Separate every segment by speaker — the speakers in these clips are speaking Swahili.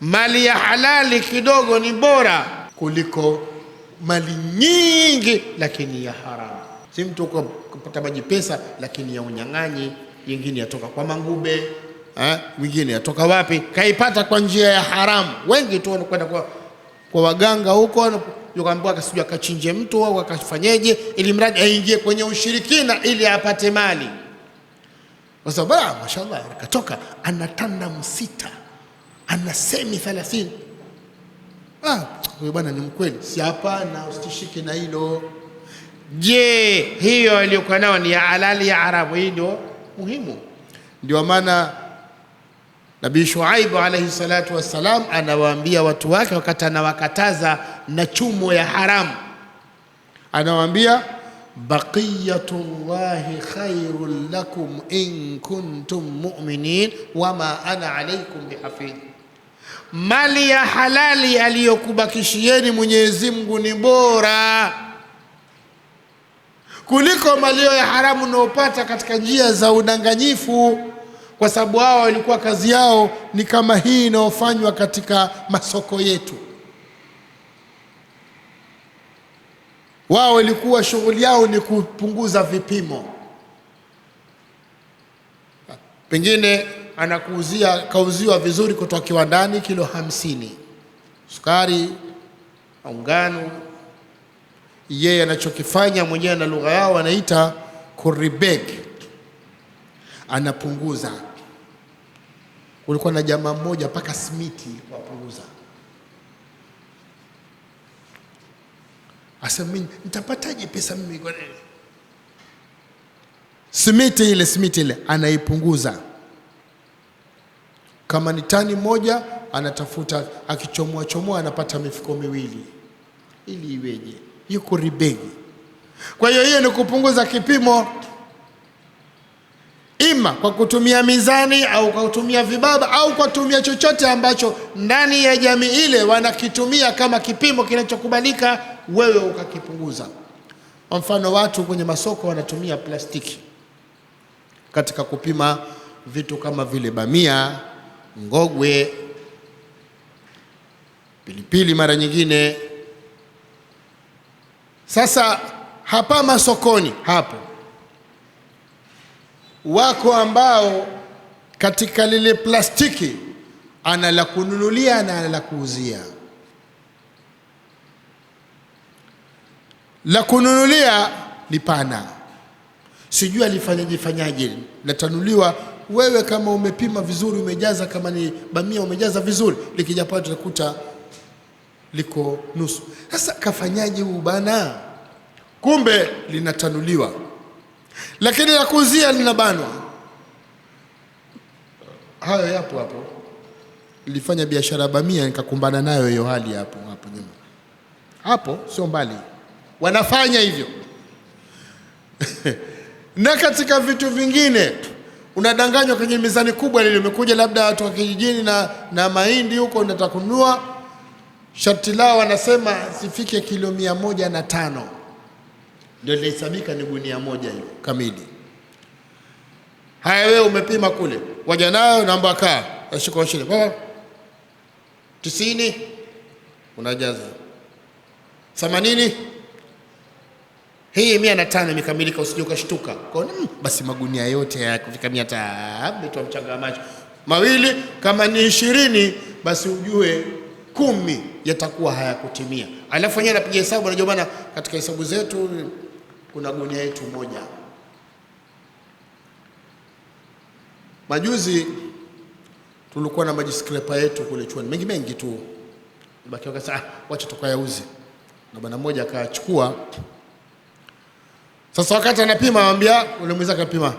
Speaker 1: mali ya halali kidogo ni bora kuliko mali nyingi lakini ya haramu. Si mtu kupata maji pesa lakini ya unyang'anyi, yingine yatoka kwa mangube wingine yatoka wapi, kaipata kwa njia ya haramu. Wengi tu wanakwenda kwa, kwa waganga huko yukaambiwa kasijua akachinje mtu au akafanyeje, ili mradi aingie kwenye ushirikina ili apate mali, kwa sababu ah, mashallah, akatoka anatanda msita anasemi 30 ah, huyo bwana ni mkweli, si hapana, usitishike na hilo. Je, hiyo aliyokuwa nao ni ya halali ya Arabu? Hii ndio muhimu. Ndio maana Nabii Shuaibu alayhi salatu wassalam anawaambia watu wake, wakati anawakataza na chumo ya haramu, anawaambia baqiyatullahi khairun lakum in kuntum mu'minin wama ana alaikum bihafidh mali ya halali aliyokubakishieni Mwenyezi Mungu ni bora kuliko malio ya haramu unaopata katika njia za udanganyifu, kwa sababu hao walikuwa kazi yao ni kama hii inayofanywa katika masoko yetu. Wao walikuwa shughuli yao ni kupunguza vipimo pengine anakuuzia kauziwa vizuri kutoka kiwandani kilo hamsini sukari au ngano. Yeye anachokifanya mwenyewe na lugha yao anaita kuribeg, anapunguza. Kulikuwa na jamaa mmoja mpaka smiti wapunguza, asema mimi nitapataje pesa mimi kwa nini simiti ile simiti ile anaipunguza, kama ni tani moja anatafuta, akichomoa chomoa anapata mifuko miwili, ili iweje? Yuko ribegi. Kwa hiyo hiyo ni kupunguza kipimo, ima kwa kutumia mizani au kwa kutumia vibaba au kwa kutumia chochote ambacho ndani ya jamii ile wanakitumia kama kipimo kinachokubalika, wewe ukakipunguza. Kwa mfano, watu kwenye masoko wanatumia plastiki katika kupima vitu kama vile bamia, ngogwe, pilipili mara nyingine. Sasa hapa masokoni hapo wako ambao katika lile plastiki ana la kununulia na ana la kuuzia. La kununulia lipana sijui alifanyajifanyaje, natanuliwa Wewe kama umepima vizuri, umejaza, kama ni bamia umejaza vizuri, likija pale tutakuta liko nusu. Sasa kafanyaje huu bana? Kumbe linatanuliwa, lakini la kuuzia linabanwa. Hayo yapo hapo. Nilifanya biashara bamia, nikakumbana nayo hiyo hali hapo hapo nyuma, hapo sio mbali, wanafanya hivyo na katika vitu vingine unadanganywa kwenye mizani kubwa ile. Umekuja labda watu wa kijijini na, na mahindi huko, unatakunua shati sharti lao wanasema sifike kilo mia moja na tano ndio linahesabika ni gunia moja hiyo kamili. Haya, wewe umepima kule, waja nayo namba kaa ashikoshile baba tisini unajaza themanini hii mia na tano imekamilika, usije ukashtuka ukaona hmm, basi magunia yote ya kufika mia tabitwa mchanga wa macho mawili. Kama ni ishirini, basi ujue kumi yatakuwa hayakutimia. Alafu wenyewe anapiga hesabu, najua maana katika hesabu zetu kuna gunia yetu moja. Majuzi tulikuwa na majiskrepa yetu kule chuoni, mengi mengi tu, baki wakasema ah, wacha tukayauze, na bwana mmoja akachukua sasa wakati anapima anamwambia ule mwizi kapima,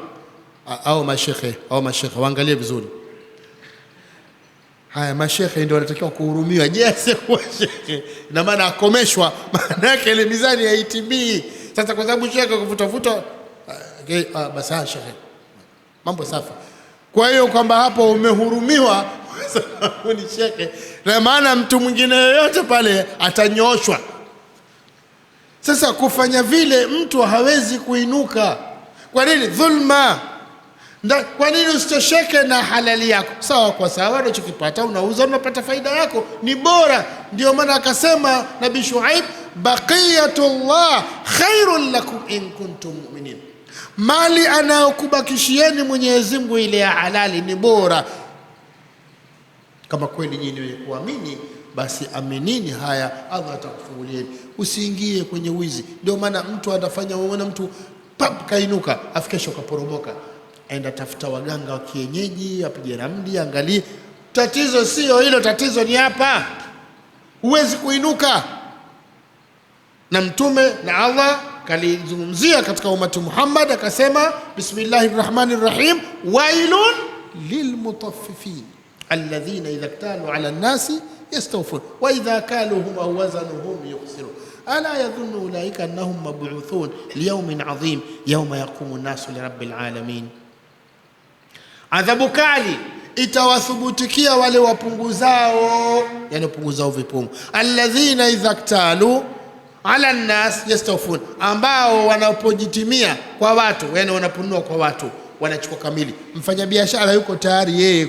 Speaker 1: au mashekhe au mashehe, waangalie vizuri. Haya, mashekhe ndio wanatakiwa kuhurumiwa. Je, asiyekuwa shehe ina maana akomeshwa? Maana yake ile mizani haitimbii. Sasa kwa sababu shekhe kuvutavuta, basi shehe, mambo safi. Kwa hiyo kwamba hapo umehurumiwa kwa sababu ni shekhe, na maana mtu mwingine yoyote pale atanyooshwa. Sasa kufanya vile mtu hawezi kuinuka. Kwa nini? Dhulma. Kwa nini usitosheke na halali yako? Sawa kwa sawa, unachokipata unauza, unapata faida yako, ni bora. Ndio maana akasema Nabii Shuaib, baqiyatullah khairun lakum in kuntum mu'minin, mali anayokubakishieni Mwenyezi Mungu ile ya halali ni bora, kama kweli nyinyi wenye kuamini basi aminini haya, Allah atakufungulieni. Usiingie kwenye wizi. Ndio maana mtu anafanya ona mtu pap kainuka, afu kesho kaporomoka. Aenda tafuta waganga wa kienyeji, apige ramli, angalie. Tatizo sio hilo, tatizo ni hapa, huwezi kuinuka. Na mtume na Allah kalizungumzia katika umati Muhammad, akasema bismillahi rahmani rrahim, wailun lilmutaffifin alladhina idha ktalu ala nnasi yastawfun wa idha kaluhum au wazanuhum yukhsiru ala yadhunnu ulaika annahum mabuthun liyaumin adhim yawma yaqumu an-nasu li rabbil alamin. Adhabu kali itawathubutikia wale wapunguzao, yani wapunguzao vipumu, alladhina idha ktalu ala an-nas yastawfun, ambao wanapojitimia kwa watu, yani wanapunua kwa watu, wanachukua kamili. Mfanyabiashara yuko tayari yeye,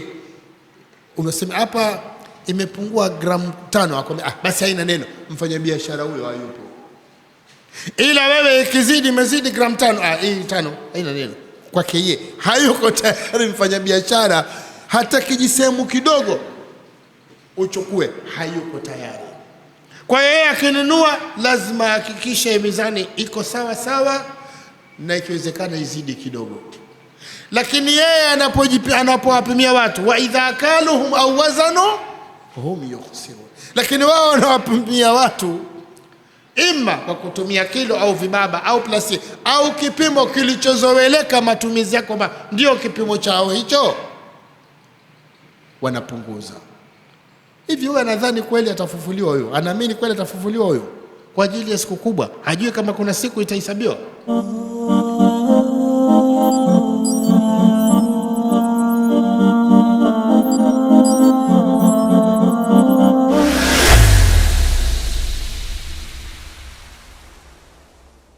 Speaker 1: unasema hapa imepungua gramu tano, akwambia ah, basi haina neno, mfanyabiashara huyo hayupo. Ila wewe ikizidi, imezidi gramu tano, ah, hii tano haina neno kwake yeye, hayuko tayari mfanyabiashara, hata kijisehemu kidogo uchukue, hayuko tayari. Kwa hiyo yeye akinunua lazima ahakikishe mizani iko sawa sawa, na ikiwezekana izidi kidogo. Lakini yeye anapowapimia watu, wa idha kaluhum au wazanu hum yukhsirun, lakini wao wanawapimia watu ima kwa kutumia kilo au vibaba au plasi au kipimo kilichozoeleka matumizi yako, kwamba ndio kipimo chao hicho, wanapunguza hivi. Huyo anadhani kweli atafufuliwa, huyo anaamini kweli atafufuliwa huyo, kwa ajili ya siku kubwa, hajui kama kuna siku itahesabiwa.